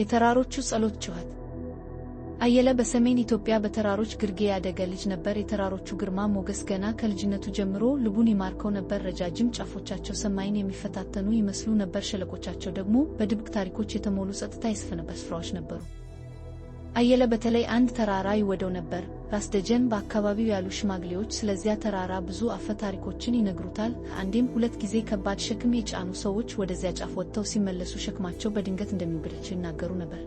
የተራሮቹ ጸሎት ጩኸት አየለ በሰሜን ኢትዮጵያ በተራሮች ግርጌ ያደገ ልጅ ነበር። የተራሮቹ ግርማ ሞገስ ገና ከልጅነቱ ጀምሮ ልቡን ይማርከው ነበር። ረጃጅም ጫፎቻቸው ሰማይን የሚፈታተኑ ይመስሉ ነበር። ሸለቆቻቸው ደግሞ በድብቅ ታሪኮች የተሞሉ ጸጥታ የሰፈነበት ስፍራዎች ነበሩ። አየለ በተለይ አንድ ተራራ ይወደው ነበር። ራስ ደጀን በአካባቢው ያሉ ሽማግሌዎች ስለዚያ ተራራ ብዙ አፈ ታሪኮችን ይነግሩታል። አንዴም ሁለት ጊዜ ከባድ ሸክም የጫኑ ሰዎች ወደዚያ ጫፍ ወጥተው ሲመለሱ ሸክማቸው በድንገት እንደሚብርቸው ይናገሩ ነበር።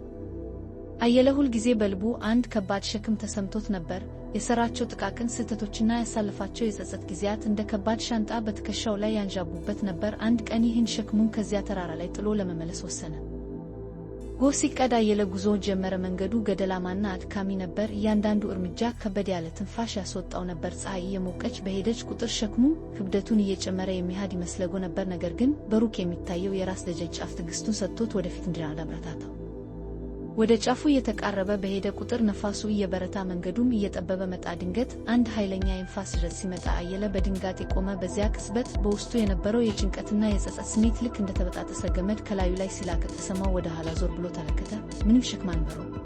አየለ ሁልጊዜ በልቡ አንድ ከባድ ሸክም ተሰምቶት ነበር። የሰራቸው ጥቃቅን ስህተቶችና ያሳለፋቸው የጸጸት ጊዜያት እንደ ከባድ ሻንጣ በትከሻው ላይ ያንዣቡበት ነበር። አንድ ቀን ይህን ሸክሙን ከዚያ ተራራ ላይ ጥሎ ለመመለስ ወሰነ። ጎህ ሲቀዳ የለጉዞ ጀመረ። መንገዱ ገደላማና አድካሚ ነበር። እያንዳንዱ እርምጃ ከበድ ያለ ትንፋሽ ያስወጣው ነበር። ፀሐይ እየሞቀች በሄደች ቁጥር ሸክሙ ክብደቱን እየጨመረ የሚሄድ ይመስለጎ ነበር። ነገር ግን በሩቅ የሚታየው የራስ ደጀን ጫፍ ትዕግስቱን ሰጥቶት ወደፊት እንዲራመድ አበረታታው። ወደ ጫፉ እየተቃረበ በሄደ ቁጥር ነፋሱ እየበረታ መንገዱም እየጠበበ መጣ። ድንገት አንድ ኃይለኛ የንፋስ ድረስ ሲመጣ አየለ በድንጋጤ ቆመ። በዚያ ክስበት በውስጡ የነበረው የጭንቀትና የጸጸት ስሜት ልክ እንደተበጣጠሰ ገመድ ከላዩ ላይ ሲላቀቅ ተሰማው። ወደ ኋላ ዞር ብሎ ተመለከተ። ምንም ሸክም አልነበረውም።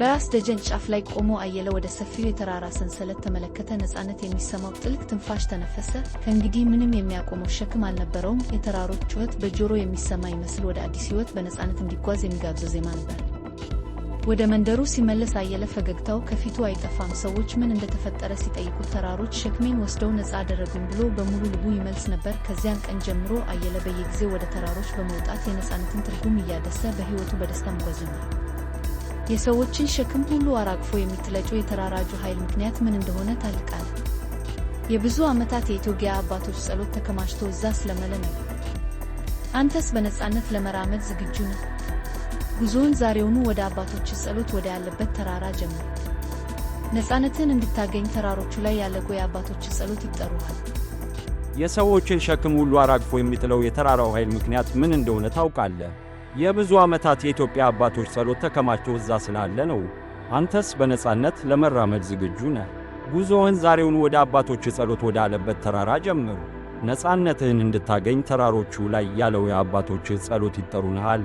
በራስ ደጀን ጫፍ ላይ ቆሞ አየለ ወደ ሰፊው የተራራ ሰንሰለት ተመለከተ። ነፃነት የሚሰማው ጥልቅ ትንፋሽ ተነፈሰ። ከእንግዲህ ምንም የሚያቆመው ሸክም አልነበረውም። የተራሮች ጩኸት በጆሮ የሚሰማ ይመስል ወደ አዲስ ህይወት በነፃነት እንዲጓዝ የሚጋብዘው ዜማ ነበር። ወደ መንደሩ ሲመለስ አየለ ፈገግታው ከፊቱ አይጠፋም። ሰዎች ምን እንደተፈጠረ ሲጠይቁት ተራሮች ሸክሜን ወስደው ነፃ አደረጉም ብሎ በሙሉ ልቡ ይመልስ ነበር። ከዚያን ቀን ጀምሮ አየለ በየጊዜው ወደ ተራሮች በመውጣት የነፃነትን ትርጉም እያደሰ በህይወቱ በደስታ መጓዝ ነው። የሰዎችን ሸክም ሁሉ አራግፎ የሚጥለጨው የተራራጁ ኃይል ምክንያት ምን እንደሆነ ታልቃል። የብዙ ዓመታት የኢትዮጵያ አባቶች ጸሎት ተከማችቶ እዛ ስለመለ ነው። አንተስ በነፃነት ለመራመድ ዝግጁ ነህ? ጉዞውን ዛሬውኑ ወደ አባቶች ጸሎት ወደ ያለበት ተራራ ጀምር። ነፃነትን እንድታገኝ ተራሮቹ ላይ ያለጎ የአባቶች ጸሎት ይጠሩሃል። የሰዎችን ሸክም ሁሉ አራግፎ የሚጥለው የተራራው ኃይል ምክንያት ምን እንደሆነ ታውቃለህ። የብዙ ዓመታት የኢትዮጵያ አባቶች ጸሎት ተከማችቶ እዛ ስላለ ነው። አንተስ በነጻነት ለመራመድ ዝግጁ ነህ። ጉዞህን ዛሬውን ወደ አባቶች ጸሎት ወዳለበት ተራራ ጀምሩ። ነጻነትህን እንድታገኝ ተራሮቹ ላይ ያለው የአባቶች ጸሎት ይጠሩንሃል።